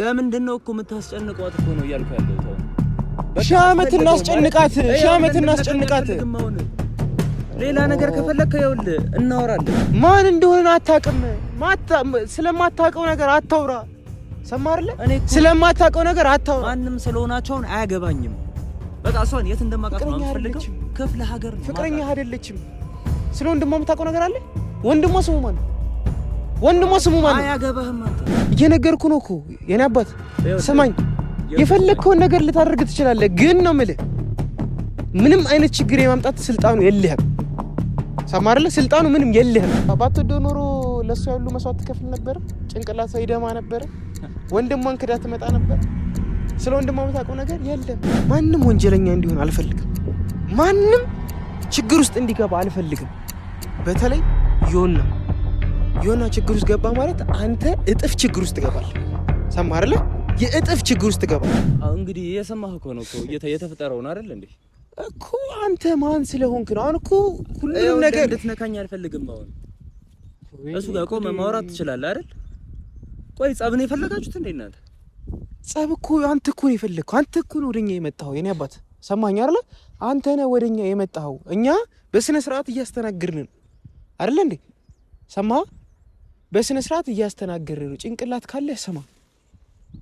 ለምንድን ነው እኮ የምታስጨንቋት? እኮ ነው እያልኩ ያለው ተው። ሺህ ዓመት እናስጨንቃት፣ ሺህ ዓመት እናስጨንቃት። ሌላ ነገር ከፈለግህ ይኸውልህ እናወራለን። ማን እንደሆነ አታውቅም። ስለማታውቀው ነገር አታውራ። ሰማርለህ? ስለማታውቀው ነገር አታውራ። ማንም ስለሆናቸውን አያገባኝም። በቃ እሷን የት እንደማውቃት ነው የምፈልገው። ክፍለ ሀገር ፍቅረኛ አይደለችም። ስለ ወንድሟ የምታውቀው ነገር አለ? ወንድሟ ስሙ ማን ወንድሟ ስሙ ማለት አያገባህም። እየነገርኩህ ነው እኮ የኔ አባት ስማኝ። የፈለግከውን ነገር ልታደርግ ትችላለህ፣ ግን ነው የምልህ ምንም አይነት ችግር የማምጣት ስልጣኑ የለህም። ሰማርለ ስልጣኑ ምንም የለህም። ባትወደው ኖሮ ለእሱ ያሉ መስዋዕት ትከፍል ነበር፣ ጭንቅላት ይደማ ነበር፣ ወንድሟን ክዳ ትመጣ ነበር። ስለ ወንድሟ የምታውቀው ነገር የለም። ማንም ወንጀለኛ እንዲሆን አልፈልግም። ማንም ችግር ውስጥ እንዲገባ አልፈልግም። በተለይ ነው የሆነ ችግር ውስጥ ገባ ማለት አንተ እጥፍ ችግር ውስጥ ገባል። ሰማ አይደለ? የእጥፍ ችግር ውስጥ ገባ። እንግዲህ የሰማህ እኮ ነው የተፈጠረውን አይደል እንዴ እኮ አንተ ማን ስለሆንክ ነው? አሁን እኮ ሁሉም ነገር እንድትነካኝ አልፈልግም። አሁን እሱ ጋር ቆመህ ማውራት ትችላለህ አይደል? ቆይ ጸብ ነው የፈለጋችሁት እንዴ እናንተ? ጸብ እኮ አንተ እኮ ነው የፈለግከው። አንተ እኮ ነው ወደኛ የመጣኸው። የኔ አባት ሰማኝ አይደለ? አንተ ነህ ወደኛ የመጣኸው። እኛ በስነ ስርዓት እያስተናግድን አይደለ እንዴ? ሰማህ በስነ ስርዓት እያስተናገረ ነው። ጭንቅላት ካለህ ስማ፣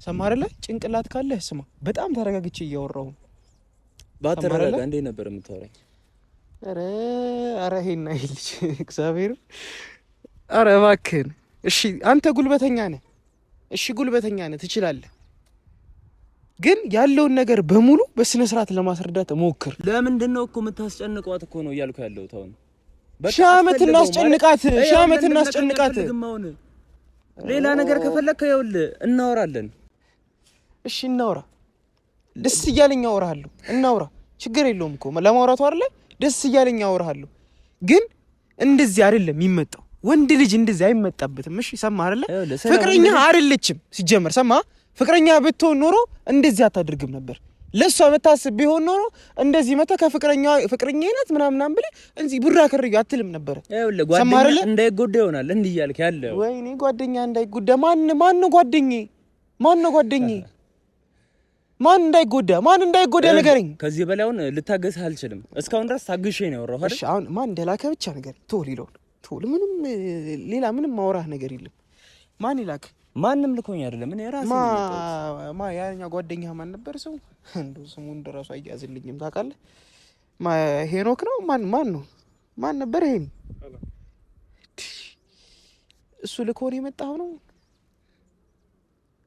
ሰማ አይደለ? ጭንቅላት ካለህ ስማ። በጣም ተረጋግቼ እያወራሁ ባትረጋጋ እንዴ ነበር የምታወራኝ? ኧረ ኧረ ሄና ይልጅ እግዚአብሔር፣ አረ እባክህን። እሺ አንተ ጉልበተኛ ነህ፣ እሺ ጉልበተኛ ነህ፣ ትችላለህ። ግን ያለውን ነገር በሙሉ በስነ ስርዓት ለማስረዳት ሞክር። ለምንድን ነው እኮ የምታስጨንቋት? እኮ ነው እያልኩ ያለሁት አሁን ሺህ ዓመት እናስጨንቃት፣ ሺህ ዓመት እናስጨንቃት። ሌላ ነገር ከፈለግከ ይኸውልህ እናወራለን። እሺ እናውራ። ደስ እያለኝ አወራሃለሁ። እናውራ፣ ችግር የለውም እኮ ለማውራቱ አይደለ? ደስ እያለኝ አወራሃለሁ። ግን እንደዚህ አይደለም የሚመጣው። ወንድ ልጅ እንደዚህ አይመጣበትም። እሺ ሰማ አይደለ? ፍቅረኛ አይደለችም ሲጀመር። ሰማ ፍቅረኛ ብትሆን ኖሮ እንደዚህ አታደርግም ነበር። ለእሷ መታስብ ቢሆን ኖሮ እንደዚህ መታ ከፍቅረኛ ፍቅረኛ አይነት ምናምናም ብለህ እንዚህ ቡራ ክርዩ አትልም ነበረ። ጓደኛ እንዳይጎዳ ይሆናል እንዲህ እያልክ ያለ። ወይኔ ጓደኛ እንዳይጎዳ ማን ማን ነው ጓደኛ? ማን ነው ጓደኛ? ማን እንዳይጎዳ ማን እንዳይጎዳ ንገረኝ። ከዚህ በላይ አሁን ልታገስህ አልችልም። እስካሁን ድረስ ታግሼ ነው ያወራሁት። አይደል? አሁን ማን እንደላከ ብቻ ነገር ቶል ይለውን ቶል። ምንም ሌላ ምንም ማውራህ ነገር የለም። ማን ይላክ ማንም ልኮኝ አይደለም። እኔ ራሴ ማ ማ ያኛ ጓደኛ ማን ነበር ሰው እንደው ስሙን ድረሱ አያዝልኝም። ታውቃለህ? ማ ሄኖክ ነው ማን ማን ነው ማን ነበር? ይሄን እሱ ልኮን የመጣው ነው።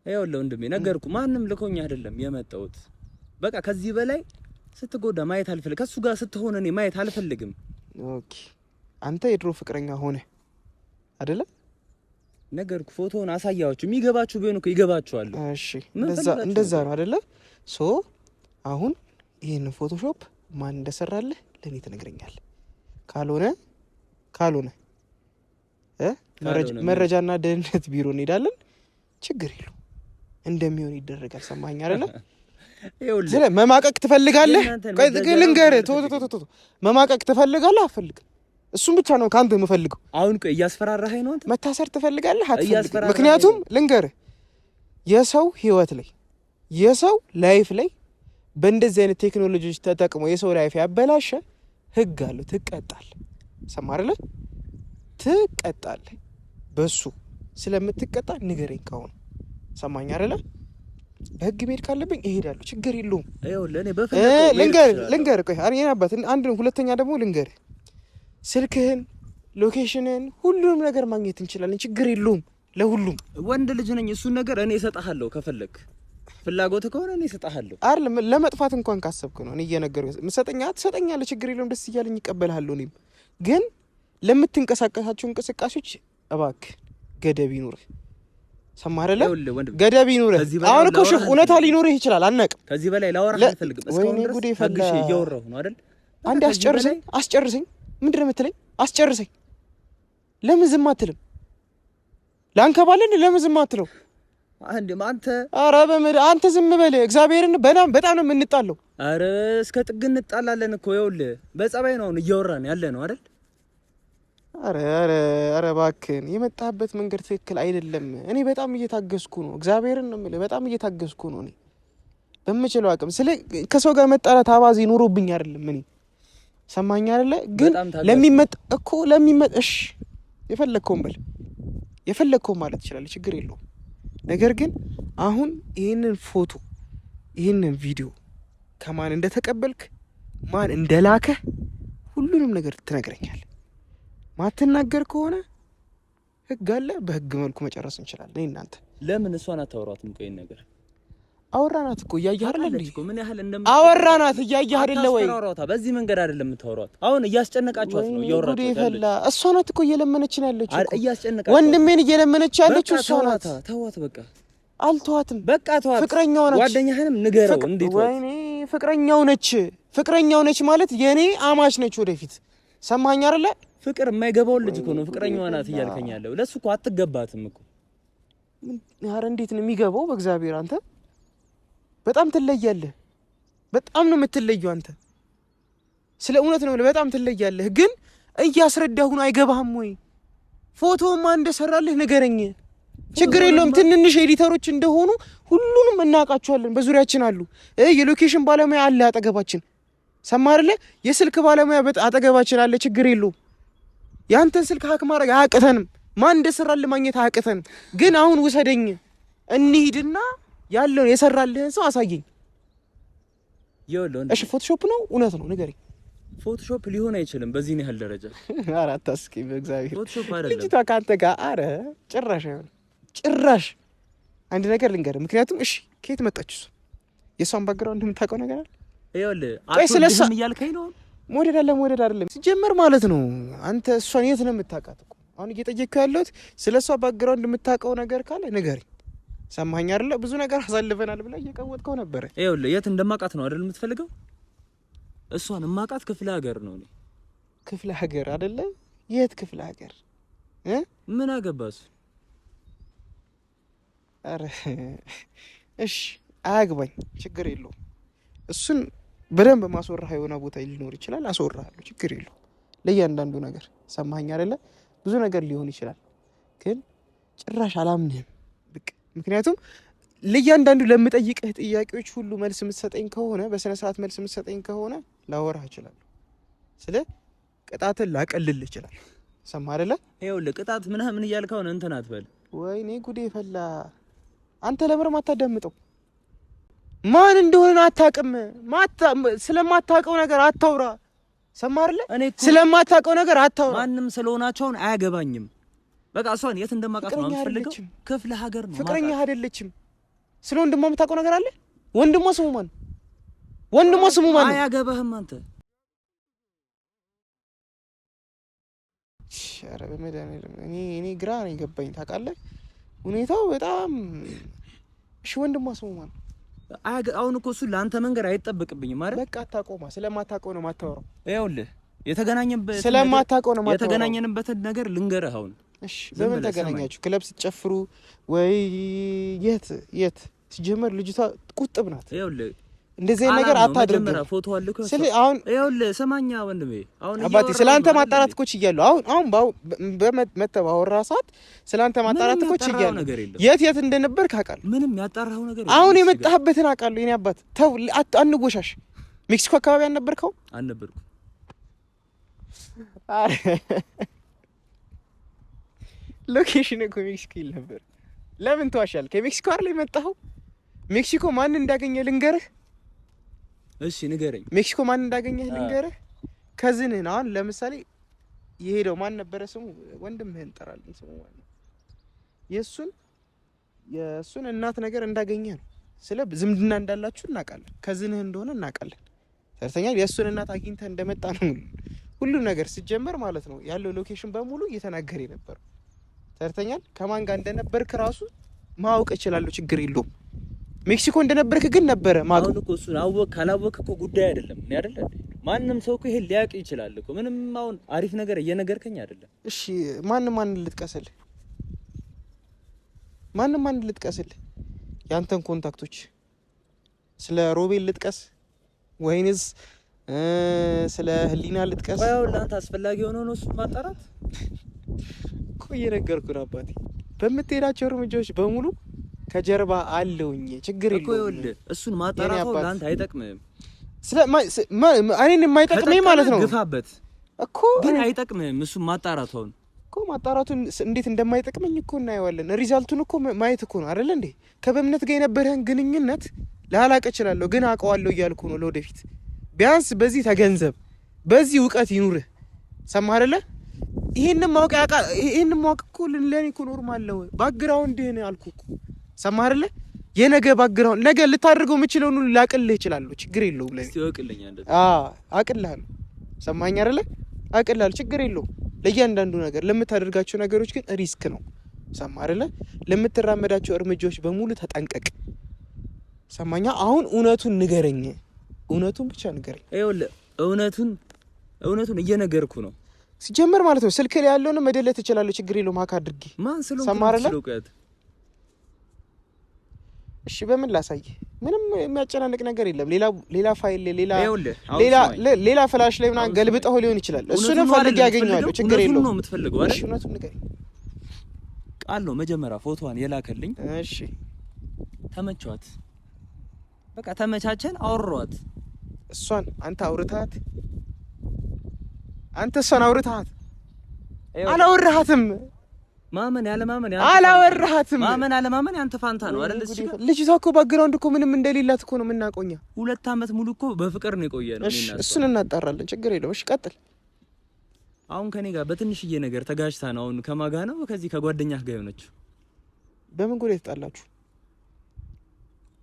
ይኸውልህ ወንድሜ ነገርኩ። ማንም ልኮኝ አይደለም የመጣሁት። በቃ ከዚህ በላይ ስትጎዳ ማየት አልፈልግም። ከሱ ጋር ስትሆን እኔ ማየት አልፈልግም። ኦኬ አንተ የድሮ ፍቅረኛ ሆነ አይደለም ነገር ፎቶውን አሳያችሁ የሚገባችሁ ቢሆን እኮ ይገባችኋል። እሺ፣ እንደዛ ነው አይደለ? ሶ አሁን ይህን ፎቶሾፕ ማን እንደሰራልህ ለእኔ ትነግረኛለህ። ካልሆነ ካልሆነ መረጃና ደህንነት ቢሮ እንሄዳለን። ችግር የለው እንደሚሆን ይደረጋል። ሰማኸኝ አይደለ? መማቀቅ ትፈልጋለህ? ልንገርህ፣ መማቀቅ ትፈልጋለህ? አፈልግም እሱን ብቻ ነው ከአንተ የምፈልገው። አሁን ቆይ እያስፈራራህ ነው አንተ። መታሰር ትፈልጋለህ አትፈልግም? ምክንያቱም ልንገርህ፣ የሰው ህይወት ላይ የሰው ላይፍ ላይ በእንደዚህ አይነት ቴክኖሎጂዎች ተጠቅሞ የሰው ላይፍ ያበላሸ ህግ አለው። ትቀጣለህ። ሰማርለ አይደለ? በሱ ስለምትቀጣ ንገረኝ ከሆነ ሰማኝ አይደለ? በህግ መሄድ ካለብኝ እሄዳለሁ። ችግር የለውም። ልንገር ልንገር ቆይ አባት አንድ ሁለተኛ ደግሞ ልንገርህ ስልክህን፣ ሎኬሽንህን፣ ሁሉንም ነገር ማግኘት እንችላለን። ችግር የለውም። ለሁሉም ወንድ ልጅ ነኝ። እሱን ነገር እኔ እሰጥሃለሁ። ከፈለግ ፍላጎት ከሆነ እኔ እሰጥሃለሁ። አይደለም ለመጥፋት እንኳን ካሰብክ ነው። እኔ እየነገርኩ ምሰጠኛ ትሰጠኛለህ። ችግር የለውም። ደስ እያለኝ ይቀበልሃለሁ። እኔም ግን ለምትንቀሳቀሳቸው እንቅስቃሴዎች እባክህ ገደብ ይኑርህ። ሰማህ አይደለ? ገደብ ይኑርህ። አሁን እኮ እሺ እውነታ ሊኖርህ ይችላል። አናውቅም። ከዚህ በላይ ላወራህ አልፈልግም። እስካሁን ድረስ እያወራሁ ነው አይደል? አንዴ አስጨርሰኝ፣ አስጨርሰኝ ምንድነው የምትለኝ? አስጨርሰኝ። ለምን ዝም አትልም? ላንከባለን ለምን ዝም አትለው? አንተ አረ በምድ አንተ ዝም በል። እግዚአብሔርን በጣም በጣም ነው የምንጣለው። አረ እስከ ጥግ እንጣላለን እኮ ይኸውልህ፣ በጸባይ ነው እያወራን ያለ ነው አይደል? አረ አረ አረ እባክህን የመጣህበት መንገድ ትክክል አይደለም። እኔ በጣም እየታገስኩ ነው፣ እግዚአብሔርን ነው የምልህ፣ በጣም እየታገስኩ ነው። እኔ በምችለው አቅም ስለ ከሰው ጋር መጣላት አባዜ ኑሮብኝ አይደለም እኔ ሰማኝ አይደለ? ግን ለሚመጣ እኮ ለሚመጣ እሺ፣ የፈለግከውን በል የፈለግከውን ማለት ትችላለህ፣ ችግር የለውም። ነገር ግን አሁን ይህንን ፎቶ ይህንን ቪዲዮ ከማን እንደተቀበልክ ማን እንደላከ ሁሉንም ነገር ትነግረኛል ማትናገር ከሆነ ህግ አለ፣ በህግ መልኩ መጨረስ እንችላለን። እናንተ ለምን እሷን አታወሯትም? ቆይን ነገር አወራናት እኮ እያየህ አይደል እንዴ? ምን ያህል እንደም አወራናት እያየህ አይደለ ወይ? አወራውታ በዚህ መንገድ አይደለም የምታወሯት። አሁን እያስጨነቃችኋት ነው እያወራችሁ ያለው። እሷ ናት እኮ እየለመነች ነው ያለችው እኮ። እያስጨነቃችኋት ወንድሜን እየለመነች ያለችው እሷ ናት። ተዋት በቃ። አልተዋትም በቃ ተዋት። ፍቅረኛው ነች። ጓደኛህንም ንገረው እንዴት። ወይኔ ፍቅረኛው ነች። ፍቅረኛው ነች ማለት የኔ አማች ነች ወደፊት። ሰማኸኝ አይደለ? ፍቅር የማይገባውን ልጅ እኮ ነው ፍቅረኛዋ ናት እያልከኝ ያለው። ለእሱ እኮ አትገባትም እኮ። ኧረ እንዴት ነው የሚገባው? በእግዚአብሔር አንተ በጣም ትለያለህ። በጣም ነው የምትለየው አንተ። ስለ እውነት ነው፣ በጣም ትለያለህ። ግን እያስረዳሁን አይገባህም ወይ? ፎቶማ እንደሰራልህ ንገረኝ። ችግር የለውም። ትንንሽ ኤዲተሮች እንደሆኑ ሁሉንም እናውቃቸዋለን። በዙሪያችን አሉ። የሎኬሽን ባለሙያ አለ አጠገባችን። ሰማርለ የስልክ ባለሙያ አጠገባችን አለ። ችግር የለውም። የአንተን ስልክ ሀክ ማድረግ አያቅተንም። ማን እንደሰራልህ ማግኘት አያቅተንም። ግን አሁን ውሰደኝ እንሂድና ያለውን የሰራልህን ሰው አሳየኝ። እሺ ፎቶሾፕ ነው እውነት ነው ንገረኝ። ፎቶሾፕ ሊሆን አይችልም በዚህን ያህል ደረጃ። ኧረ አታስቂኝ በእግዚአብሔር። ፎቶሾፕ አይደለም ልጅቷ ከአንተ ጋር። ኧረ ጭራሽ አይሆን፣ ጭራሽ። አንድ ነገር ልንገርህ፣ ምክንያቱም እሺ ከየት መጣች እሱ? የእሷን ባግራውንድ የምታውቀው ነገር አለ? ይኸውልህ ስለሳ እያልከኝ ነው። መውደድ አለ መውደድ አይደለም ሲጀመር ማለት ነው። አንተ እሷን የት ነው የምታውቃት? አሁን እየጠየቅኩ ያለሁት ስለ እሷ ባግራውንድ የምታውቀው ነገር ካለ ንገረኝ። ሰማኝ አይደለ? ብዙ ነገር አሳልፈናል ብላ እየቀወጥከው ነበረ። ይኸውልህ የት እንደማውቃት ነው አይደል የምትፈልገው? እሷን የማውቃት ክፍለ ሀገር ነው። እኔ ክፍለ ሀገር አይደለ? የት ክፍለ ሀገር እ ምን አገባስ? አረ እሺ አያግባኝ፣ ችግር የለውም። እሱን በደንብ ማስወራህ የሆነ ቦታ ሊኖር ይችላል። አስወራሃለሁ፣ ችግር የለውም። ለእያንዳንዱ ነገር ሰማኝ አይደለ? ብዙ ነገር ሊሆን ይችላል፣ ግን ጭራሽ አላምንህም ምክንያቱም ለእያንዳንዱ ለምጠይቅህ ጥያቄዎች ሁሉ መልስ የምትሰጠኝ ከሆነ በስነ ስርዓት መልስ የምትሰጠኝ ከሆነ ላወራህ እችላለሁ። ስለ ቅጣትን ላቀልል ይችላል። ሰማ አደለ? ይኸውልህ ቅጣት ምናምን እያልክ አሁን እንትን አትበል። ወይኔ ጉዴ ፈላ። አንተ ለምርም አታዳምጠው። ማን እንደሆነ አታውቅም። ስለማታውቀው ነገር አታውራ። ሰማ አደለ? ስለማታውቀው ነገር አታውራ። ማንም ስለሆናቸውን አያገባኝም በቃ እሷን የት እንደማውቃት ነው የምፈልገው። ክፍለ ሀገር ነው። ፍቅረኛ አይደለችም። ስለ ወንድሟ የምታውቀው ነገር አለ? ወንድሟ ስሙ ማን? ወንድሟ ስሙ ማን? አያገባህም አንተ። ኧረ በመድኃኒዓለም እኔ እኔ ግራ ነው የገባኝ ታውቃለህ፣ ሁኔታው በጣም እሺ። ወንድሟ ስሙ ማን? አሁን እኮ እሱ ለአንተ መንገድ አይጠበቅብኝም ማለት በቃ አታውቀውማ። ስለማታውቀው ነው የማታወራው። ይኸውልህ የተገናኘንበት ስለማታውቀው ነው የማታወራው። የተገናኘንበትን ነገር ልንገርህ አሁን በምን ተገናኛችሁ? ክለብ ስትጨፍሩ ወይ የት የት? ሲጀመር ልጅቷ ቁጥብ ናት። እንደዚህ ነገር አታድርግ። ስለአንተ ማጣራት እኮ ችያለሁ። አሁን አሁን በመተህ ባወራ ሰዓት ስለ ማጣራት እኮ ችያለሁ። የት የት እንደነበር አውቃለሁ። ምንም ያጣራኸው ነገር አሁን የመጣህበትን አውቃለሁ። የእኔ አባት ተው፣ አንወሻሽ። ሜክሲኮ አካባቢ አልነበርከው? አልነበርኩም። ሎኬሽን እኮ ሜክሲኮ ይል ነበር። ለምን ተዋሻል? ከሜክሲኮ አር ላይ የመጣኸው? ሜክሲኮ ማን እንዳገኘ ልንገርህ። እሺ ንገረኝ። ሜክሲኮ ማን እንዳገኘ ልንገርህ። ከዝንህን አሁን ለምሳሌ የሄደው ማን ነበረ ስሙ? ወንድምህን እንጠራለን። ስሙ ማለት ነው የእሱን የእሱን እናት ነገር እንዳገኘ ነው። ስለ ዝምድና እንዳላችሁ እናውቃለን። ከዝንህ እንደሆነ እናውቃለን። ሰርተኛል የእሱን እናት አግኝተህ እንደመጣ ነው ሁሉ ነገር ሲጀመር ማለት ነው ያለው ሎኬሽን በሙሉ እየተናገረ ነበር። ሰርተኛል። ከማን ጋር እንደነበርክ ራሱ ማወቅ እችላለሁ፣ ችግር የለውም። ሜክሲኮ እንደነበርክ ግን ነበረ ማወቅ እኮ እሱን አወቅ ካላወቅ እኮ ጉዳይ አይደለም። እኔ አይደለ ማንም ሰው እኮ ይሄን ሊያውቅ ይችላል እኮ። ምንም አሁን አሪፍ ነገር እየነገርከኝ አይደለም። እሺ ማን ማን ልጥቀስል? ማን ማን ልጥቀስል? ያንተን ኮንታክቶች ስለ ሮቤል ልጥቀስ ወይንስ ስለ ህሊና ልጥቀስ? ያው ለአንተ አስፈላጊ ነው እሱን ማጣራት እየነገርኩ ነው አባቴ። በምትሄዳቸው እርምጃዎች በሙሉ ከጀርባ አለውኝ። ችግር የለውም። እሱን ማጣራቱ ለአንተ አይጠቅምም። እኔን የማይጠቅመኝ ማለት ነው። ግፋበት እኮ ግን አይጠቅምም። እሱን ማጣራቱ አሁን እኮ ማጣራቱን እንዴት እንደማይጠቅመኝ እኮ እናየዋለን። ሪዛልቱን እኮ ማየት እኮ ነው አደለ እንዴ? ከበእምነት ጋር የነበረህን ግንኙነት ላላቅ እችላለሁ፣ ግን አውቀዋለሁ እያልኩ ነው። ለወደፊት ቢያንስ በዚህ ተገንዘብ፣ በዚህ እውቀት ይኑርህ። ሰማ አይደለ? ይህንን ማወቅ ያቃ ይህንን ማወቅ እኮ ለኔ እኮ ኖርማል ነው። ባግራውንድህን አልኩህ እኮ ሰማህ አይደለ? የነገ ባክግራውንድ ነገ ልታደርገው የምችለውን ሁሉ ላቅልህ እችላለሁ። ችግር የለውም ለኔ አቅልሃለሁ። ሰማኝ አይደለ? አቅልሃለሁ። ችግር የለውም ለእያንዳንዱ ነገር። ለምታደርጋቸው ነገሮች ግን ሪስክ ነው። ሰማህ አይደለ? ለምትራመዳቸው እርምጃዎች በሙሉ ተጠንቀቅ። ሰማኛ። አሁን እውነቱን ንገረኝ። እውነቱን ብቻ ንገረኝ። እውነቱን እውነቱን እየነገርኩ ነው ሲጀመር ማለት ነው ስልክ ላይ ያለውን መደለት ትችላለህ። ችግር የለውም። ሀክ አድርጌ እሺ። በምን ላሳይ? ምንም የሚያጨናንቅ ነገር የለም። ሌላ ሌላ ፋይል ሌላ ሌላ ሌላ ፍላሽ ላይ ምናምን ገልብጠው ሊሆን ይችላል። እሱንም ፈልጌ ያገኘዋለሁ። ችግር የለውም። ነው የምትፈልገው አይደል? እውነቱን ንገረኝ። ቃል ነው መጀመሪያ ፎቶዋን የላከልኝ። እሺ፣ ተመቸዋት። በቃ ተመቻቸን። አወሯት። እሷን አንተ አውርታት አንተ እሷን አውርተሃት አላወራሃትም? ማመን ያለ ማመን ያለ አላወራሃትም። ማመን ያለ ማመን ያንተ ፋንታ ነው አይደል? እዚህ ልጅቷ እኮ ባግራውንድ እኮ ምንም እንደሌላት እኮ ነው የምናቆኛ። ሁለት አመት ሙሉ እኮ በፍቅር ነው የቆየ ነው። እሱን እናጣራለን፣ ችግር የለውም። እሺ ቀጥል። አሁን ከኔ ጋር በትንሽዬ ነገር ተጋጅታ ነው። አሁን ከማጋ ነው ከዚህ ከጓደኛህ ጋር የሆነችው። በምን ጉዳይ ተጣላችሁ?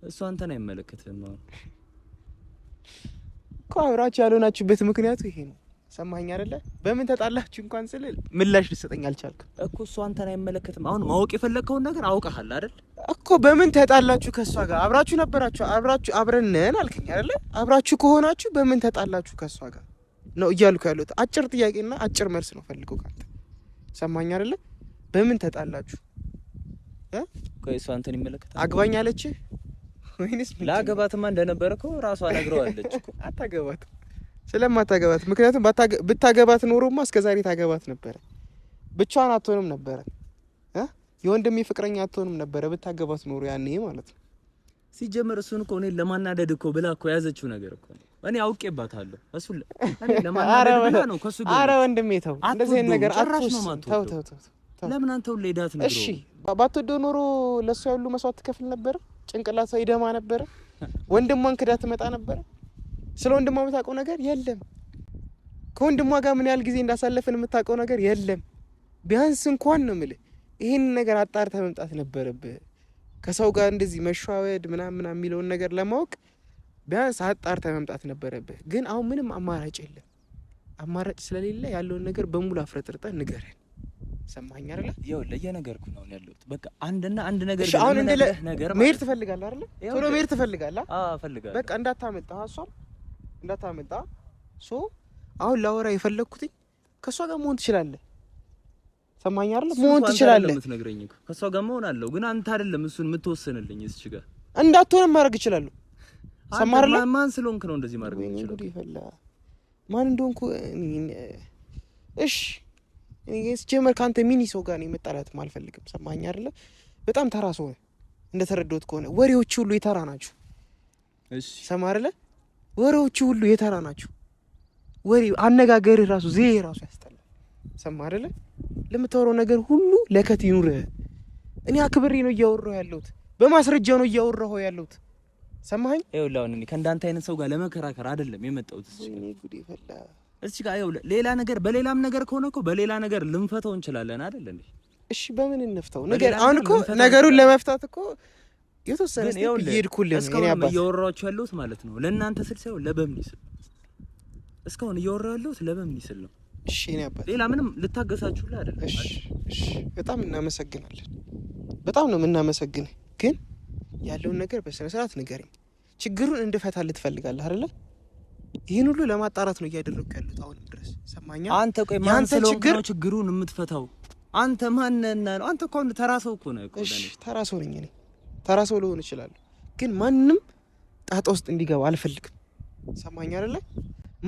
እሱ አንተን አይመለከትም እኮ አብራችሁ ያልሆናችሁበት ምክንያቱ ይሄ ነው። ሰማኝ አይደለ? በምን ተጣላችሁ እንኳን ስል ምላሽ ልሰጠኝ አልቻልክም እኮ። እሱ አንተን አይመለከትም። አሁን ማወቅ የፈለግከውን ነገር አውቀሃል አይደል? እኮ በምን ተጣላችሁ? ከእሷ ጋር አብራችሁ ነበራችሁ። አብራችሁ አብረንን አልከኝ አይደለ? አብራችሁ ከሆናችሁ በምን ተጣላችሁ ከእሷ ጋር ነው እያልኩ ያሉት። አጭር ጥያቄና አጭር መልስ ነው ፈልገው ካንተ። ሰማኝ አይደለ? በምን ተጣላችሁ? እሷ አንተን ይመለከታል። አግባኝ አለችህ ወይንስ? ላገባትማ እንደነበረ እኮ ራሷ ነግረዋለች። አታገባትም ስለማታገባት ምክንያቱም ብታገባት ኖሮማ እስከ ዛሬ ታገባት ነበረ። ብቻዋን አትሆንም ነበረ። የወንድሜ ፍቅረኛ አትሆንም ነበረ ብታገባት ኖሮ ያኔ ማለት ነው። ሲጀመር እሱን እኮ እኔ ለማናደድ እኮ ብላ እኮ የያዘችው ነገር እኮ እኔ አውቄባታለሁ። እሱ ለማናደድ ብላ ነው ከሱ ጋር። አረ ወንድሜ ተው፣ እንደዚህ አይነት ነገር ተው ተው ተው። ለምን አንተው ሌዳት ነው? እሺ ባትወደው ኖሮ ለእሷ ያሉ መስዋዕት ትከፍል ነበረ። ጭንቅላቷ ይደማ ነበረ። ወንድሟን ክዳ ትመጣ ነበረ። ስለ ወንድሟ የምታውቀው ነገር የለም። ከወንድሟ ጋር ምን ያህል ጊዜ እንዳሳለፍን የምታውቀው ነገር የለም። ቢያንስ እንኳን ነው የምልህ ይህን ነገር አጣርተ መምጣት ነበረብህ። ከሰው ጋር እንደዚህ መሸዋወድ ምናምን ምናምን የሚለውን ነገር ለማወቅ ቢያንስ አጣርተ መምጣት ነበረብህ። ግን አሁን ምንም አማራጭ የለም። አማራጭ ስለሌለ ያለውን ነገር በሙሉ አፍረጥርጠ ንገረን። ሰማኝ አይደለ? ይኸውልህ እየነገርኩህ ነው ያለሁት። በቃ አንድና አንድ ነገር አሁን መሄድ ትፈልጋለህ አይደለ? ቶሎ መሄድ ትፈልጋለህ። በቃ እንዳታመልጥ እሷም እንዳታመጣ። ሶ አሁን ላወራ የፈለግኩትኝ ከእሷ ጋር መሆን ትችላለህ። ሰማኝ አይደል? መሆን ትችላለህ። ምትነግረኝ ከእሷ ጋር መሆን አለው፣ ግን አንተ አይደለም እሱን የምትወሰንልኝ። እዚች ጋር እንዳትሆን ማድረግ እችላለሁ። ሰማርላ ማን ስለሆንክ ነው እንደዚህ ማድረግ እችላለሁ? ማን እንደሆንኩ እሺ ሲጀመር ከአንተ ሚኒ ሰው ጋር ነው መጣላትም አልፈልግም። ሰማኝ አይደለ? በጣም ተራ ሰው ነህ እንደተረዳሁት ከሆነ ወሬዎች ሁሉ የተራ ናቸው። እሺ ሰማህ አይደለ? ወሬዎቹ ሁሉ የተራ ናቸው። ወሬ አነጋገር ራሱ ዜ ራሱ ያስጠላል። ሰማ አይደለ? ለምታወራው ነገር ሁሉ ለከት ይኑርህ። እኔ አክብሬ ነው እያወራሁ ያለሁት፣ በማስረጃ ነው እያወራሁ ያለሁት። ሰማኝ። ይኸውልህ አሁን እኔ ከእንዳንተ አይነት ሰው ጋር ለመከራከር አይደለም የመጣሁት። እዚህ ጋር ይኸውልህ፣ ሌላ ነገር በሌላም ነገር ከሆነ እኮ በሌላ ነገር ልንፈተው እንችላለን አይደል እንዴ? እሺ፣ በምን እንፍታው? ነገር አሁን እኮ ነገሩን ለመፍታት እኮ የተወሰነ ይድኩልን እያወራኋቸው ያለሁት ማለት ነው። ለእናንተ ስል ሳይሆን ለበምኒ ስል እስካሁን እያወራሁ ያለሁት ለበምኒ ስል ነው። እሺ እኔ አባት ሌላ ምንም ልታገሳችሁ ላይ አይደለም። እሺ እሺ፣ በጣም እናመሰግናለን። በጣም ነው የምናመሰግንህ። ግን ያለውን ነገር በስነ ስርዓት ንገረኝ። ችግሩን እንድፈታ ልትፈልጋለህ አይደለ? ይህን ሁሉ ለማጣራት ነው እያደረኩ ያሉት አሁንም ድረስ ሰማኛ። አንተ ቆይ ማን ስለሆንክ ነው ችግሩን የምትፈታው? አንተ ማን ነህ? እና አንተ እኮ ተራ ሰው እኮ ነህ። እሺ ተራ ሰው ነኝ እኔ ተራ ሰው ልሆን እችላለሁ፣ ግን ማንም ጣጣ ውስጥ እንዲገባ አልፈልግም። ሰማኝ አይደለ?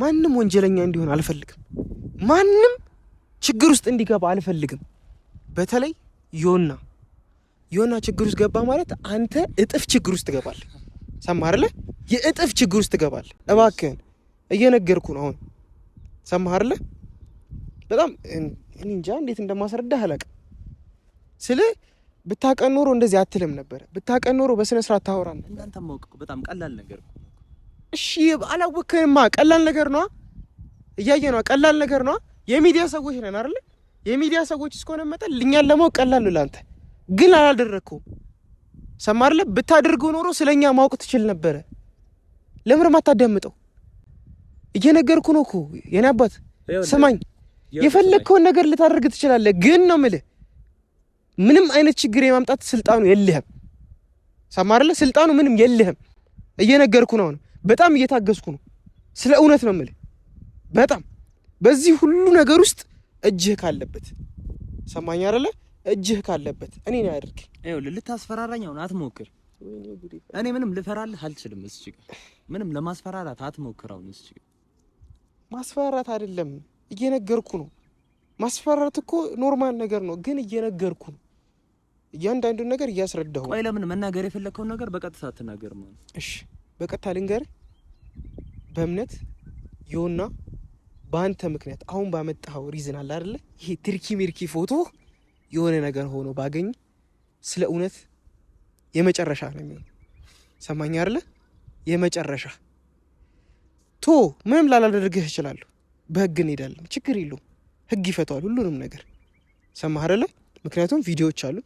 ማንም ወንጀለኛ እንዲሆን አልፈልግም። ማንም ችግር ውስጥ እንዲገባ አልፈልግም። በተለይ ዮና ዮና ችግር ውስጥ ገባ ማለት አንተ እጥፍ ችግር ውስጥ ትገባለህ። ሰማህ አይደለ? የእጥፍ ችግር ውስጥ ትገባለህ። እባክህን እየነገርኩ ነው አሁን። ሰማህ አይደለ? በጣም እኔ እንጃ እንዴት እንደማስረዳህ አላውቅም ስለ ብታቀን ኖሮ እንደዚህ አትልም ነበር። ብታቀን ኖሮ በስነ ስርዓት ታወራም። እናንተ ማውቀው በጣም ቀላል ነገር እሺ፣ አላወቅህማ። ቀላል ነገር ነዋ፣ እያየ ነዋ። ቀላል ነገር ነዋ። የሚዲያ ሰዎች ነን አይደል? የሚዲያ ሰዎች እስከሆነ መጠን እኛን ለማወቅ ቀላል ነው ለአንተ። ግን አላደረግከውም። ሰማህ አይደል? ብታደርገው ኖሮ ስለኛ ማወቅ ትችል ነበረ። ለምን አታዳምጠው። እየነገርኩ ነው እኮ የኔ አባት። ስማኝ፣ የፈለግከውን ነገር ልታደርግ ትችላለህ፣ ግን ነው የምልህ ምንም አይነት ችግር የማምጣት ስልጣኑ የለህም። ሰማርለ ስልጣኑ ምንም የለህም። እየነገርኩ ነው። በጣም እየታገስኩ ነው። ስለ እውነት ነው የምልህ። በጣም በዚህ ሁሉ ነገር ውስጥ እጅህ ካለበት ሰማኝ አይደለ? እጅህ ካለበት እኔ ነው ያድርግ። ይኸውልህ ልታስፈራራኝ አሁን አትሞክር። እኔ ምንም ልፈራልህ አልችልም። እስኪ ምንም ለማስፈራራት አትሞክር። አሁን እስኪ ማስፈራራት አይደለም እየነገርኩ ነው ማስፈራራት እኮ ኖርማል ነገር ነው፣ ግን እየነገርኩ እያንዳንዱን ነገር እያስረዳሁ። ቆይ ለምን መናገር የፈለግከውን ነገር በቀጥታ አትናገር? እሺ በቀጥታ ልንገር። በእምነት ይሁንና በአንተ ምክንያት አሁን ባመጣኸው ሪዝን አለ አይደለ? ይሄ ትርኪ ሚርኪ ፎቶ የሆነ ነገር ሆኖ ባገኝ ስለ እውነት የመጨረሻ ነው የሚሆነው። ሰማኝ አይደለ? የመጨረሻ ቶ ምንም ላላደርግህ እችላለሁ። በህግ እንሄዳለን። ችግር የለውም። ህግ ይፈተዋል ሁሉንም ነገር ሰማህ አይደለ? ምክንያቱም ቪዲዮዎች አሉ።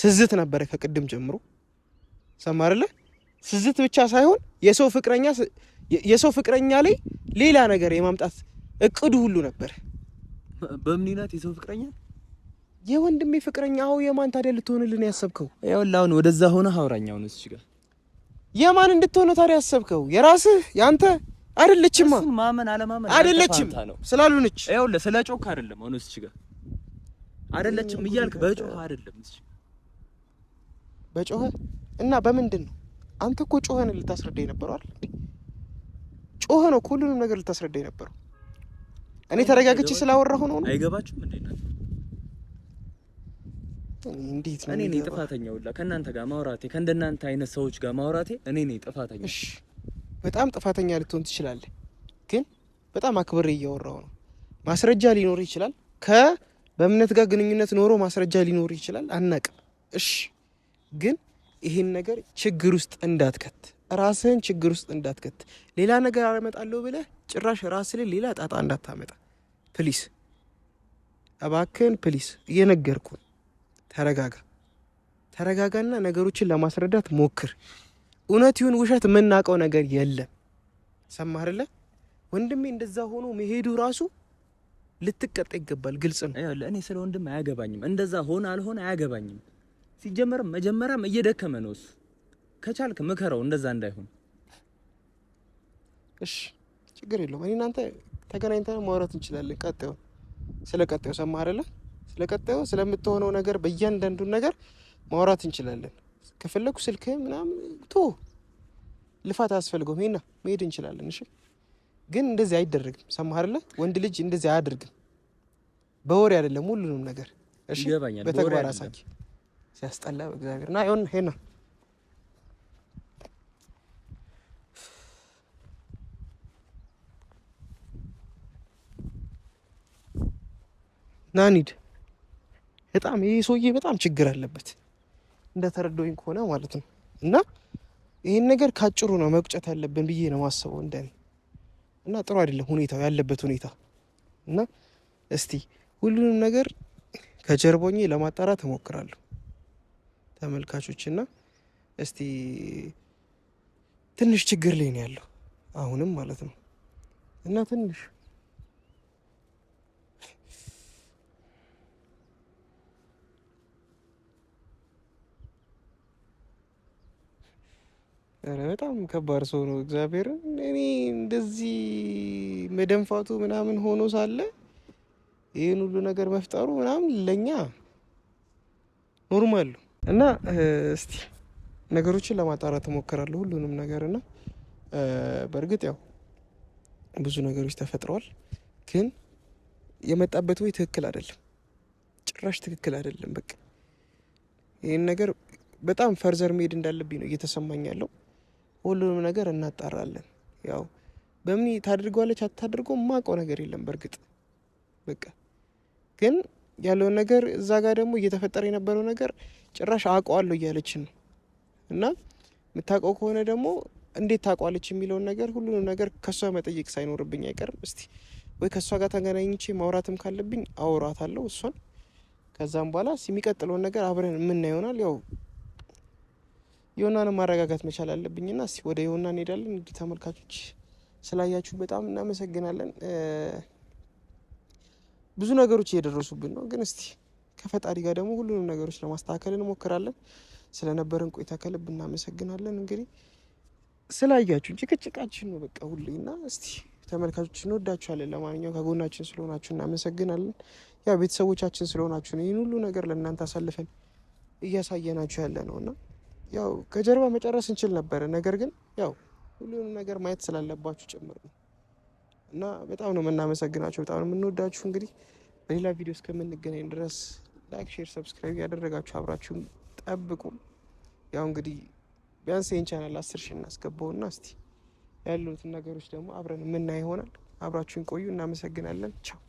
ስዝት ነበረ ከቅድም ጀምሮ ሰማህ አይደለ? ስዝት ብቻ ሳይሆን የሰው ፍቅረኛ የሰው ፍቅረኛ ላይ ሌላ ነገር የማምጣት እቅዱ ሁሉ ነበር። በምን የሰው ፍቅረኛ የወንድሜ ፍቅረኛ አው የማን ታዲያ ልትሆንልን ያሰብከው? ይኸውልህ አሁን ወደዛ ሆነ አውራኛው ነው። እዚህ ጋር የማን እንድትሆነ ታዲያ ያሰብከው? የራስህ ያንተ አይደለችም። ማመን አለማመን አይደለችም። ስላልሆነች ይኸውልህ፣ ስለ ጮክ አይደለም አሁን እዚህ ጋር አይደለችም እያልክ በጮህ አይደለም እዚህ በጮህ እና በምንድን ነው አንተ እኮ ጮህን ልታስረዳ የነበረው አይደል? ጮህ ነው ሁሉንም ነገር ልታስረዳ የነበረው። እኔ ተረጋግቼ ስላወራሁ ነው። አይገባችሁም እንዴ? እንዴት ነው እኔ ነኝ ጥፋተኛ? ሁላ ከእናንተ ጋር ማውራቴ ከእንደናንተ አይነት ሰዎች ጋር ማውራቴ እኔ ነኝ ጥፋተኛ። እሺ በጣም ጥፋተኛ ልትሆን ትችላለህ። ግን በጣም አክብሬ እያወራው ነው። ማስረጃ ሊኖር ይችላል። ከበእምነት ጋር ግንኙነት ኖሮ ማስረጃ ሊኖር ይችላል። አናቅም። እሺ፣ ግን ይህን ነገር ችግር ውስጥ እንዳትከት፣ ራስህን ችግር ውስጥ እንዳትከት፣ ሌላ ነገር አመጣለሁ ብለህ ጭራሽ ራስህ ላይ ሌላ ጣጣ እንዳታመጣ ፕሊስ፣ እባክህን ፕሊስ፣ እየነገርኩ ተረጋጋ። ተረጋጋና ነገሮችን ለማስረዳት ሞክር። እውነት ይሁን ውሸት የምናውቀው ነገር የለም። ሰማህ አይደለ ወንድሜ? እንደዛ ሆኖ መሄዱ ራሱ ልትቀጣ ይገባል። ግልጽ ነው። እኔ ስለ ወንድም አያገባኝም። እንደዛ ሆነ አልሆነ አያገባኝም። ሲጀመርም መጀመሪያም እየደከመ ነው እሱ። ከቻልክ ምከረው እንደዛ እንዳይሆን። እሺ ችግር የለውም። እኔ እናንተ ተገናኝተን ማውራት እንችላለን። ቀጣዩ ስለ ቀጣዩ ሰማህ አይደለ? ስለ ቀጣዩ ስለምትሆነው ነገር በእያንዳንዱ ነገር ማውራት እንችላለን። ከፈለኩ ስልክ ምናምን ቶ ልፋት አያስፈልገውም። ሄና መሄድ እንችላለን። እሺ፣ ግን እንደዚህ አይደረግም። ሰማህ አይደለ? ወንድ ልጅ እንደዚህ አያደርግም። በወሬ አይደለም ሁሉንም ነገር እሺ፣ በተግባር አሳኪ። ሲያስጠላ በእግዚአብሔር ና ይሁን ሄና ናኒድ በጣም ይሄ ሰውዬ በጣም ችግር አለበት። እንደተረዳኝ ከሆነ ማለት ነው። እና ይህን ነገር ካጭሩ ነው መቁጨት ያለብን ብዬ ነው ማስበው እንደኔ። እና ጥሩ አይደለም ሁኔታው ያለበት ሁኔታ እና እስቲ ሁሉንም ነገር ከጀርቦኜ ለማጣራት እሞክራለሁ ተመልካቾች እና እስቲ ትንሽ ችግር ላይ ነው ያለው አሁንም ማለት ነው እና ትንሽ ኧረ በጣም ከባድ ሰው ነው። እግዚአብሔር እኔ እንደዚህ መደንፋቱ ምናምን ሆኖ ሳለ ይህን ሁሉ ነገር መፍጠሩ ምናምን ለኛ ኖርማሉ እና እስቲ ነገሮችን ለማጣራት እሞክራለሁ ሁሉንም ነገር እና በእርግጥ ያው ብዙ ነገሮች ተፈጥረዋል፣ ግን የመጣበት ወይ ትክክል አይደለም፣ ጭራሽ ትክክል አይደለም። በቃ ይህን ነገር በጣም ፈርዘር መሄድ እንዳለብኝ ነው እየተሰማኝ ያለው። ሁሉንም ነገር እናጣራለን። ያው በምን ታድርገዋለች አታድርገው ማቀው ነገር የለም። በእርግጥ በቃ ግን ያለውን ነገር እዛ ጋር ደግሞ እየተፈጠረ የነበረው ነገር ጭራሽ አውቀዋለሁ እያለች ነው እና የምታውቀው ከሆነ ደግሞ እንዴት ታውቋለች የሚለውን ነገር ሁሉንም ነገር ከእሷ መጠየቅ ሳይኖርብኝ አይቀርም። እስቲ ወይ ከእሷ ጋር ተገናኝቼ ማውራትም ካለብኝ አውራታለሁ እሷን። ከዛም በኋላ የሚቀጥለውን ነገር አብረን የምናየሆናል ያው የሆናን ማረጋጋት መቻል አለብኝና እስቲ ወደ የሆና እንሄዳለን። እንግዲህ ተመልካቾች ስላያችሁ በጣም እናመሰግናለን። ብዙ ነገሮች እየደረሱብን ነው፣ ግን እስቲ ከፈጣሪ ጋር ደግሞ ሁሉንም ነገሮች ለማስተካከል እንሞክራለን። ስለነበረን ቆይታ ከልብ እናመሰግናለን። እንግዲህ ስላያችሁን ጭቅጭቃችን ነው በቃ ሁሌና እስቲ ተመልካቾች እንወዳችኋለን። ለማንኛውም ከጎናችን ስለሆናችሁ እናመሰግናለን። ያው ቤተሰቦቻችን ስለሆናችሁ ነው ይህን ሁሉ ነገር ለእናንተ አሳልፈን እያሳየናችሁ ያለ ነው እና ያው ከጀርባ መጨረስ እንችል ነበረ። ነገር ግን ያው ሁሉንም ነገር ማየት ስላለባችሁ ጭምር ነው እና በጣም ነው የምናመሰግናችሁ፣ በጣም ነው የምንወዳችሁ። እንግዲህ በሌላ ቪዲዮ እስከምንገናኝ ድረስ ላይክ፣ ሼር፣ ሰብስክራይብ ያደረጋችሁ አብራችሁም ጠብቁ። ያው እንግዲህ ቢያንስ ይህን ቻናል አስር ሺ እና እስቲ ያሉትን ነገሮች ደግሞ አብረን የምናይ ይሆናል። አብራችሁን ቆዩ። እናመሰግናለን። ቻው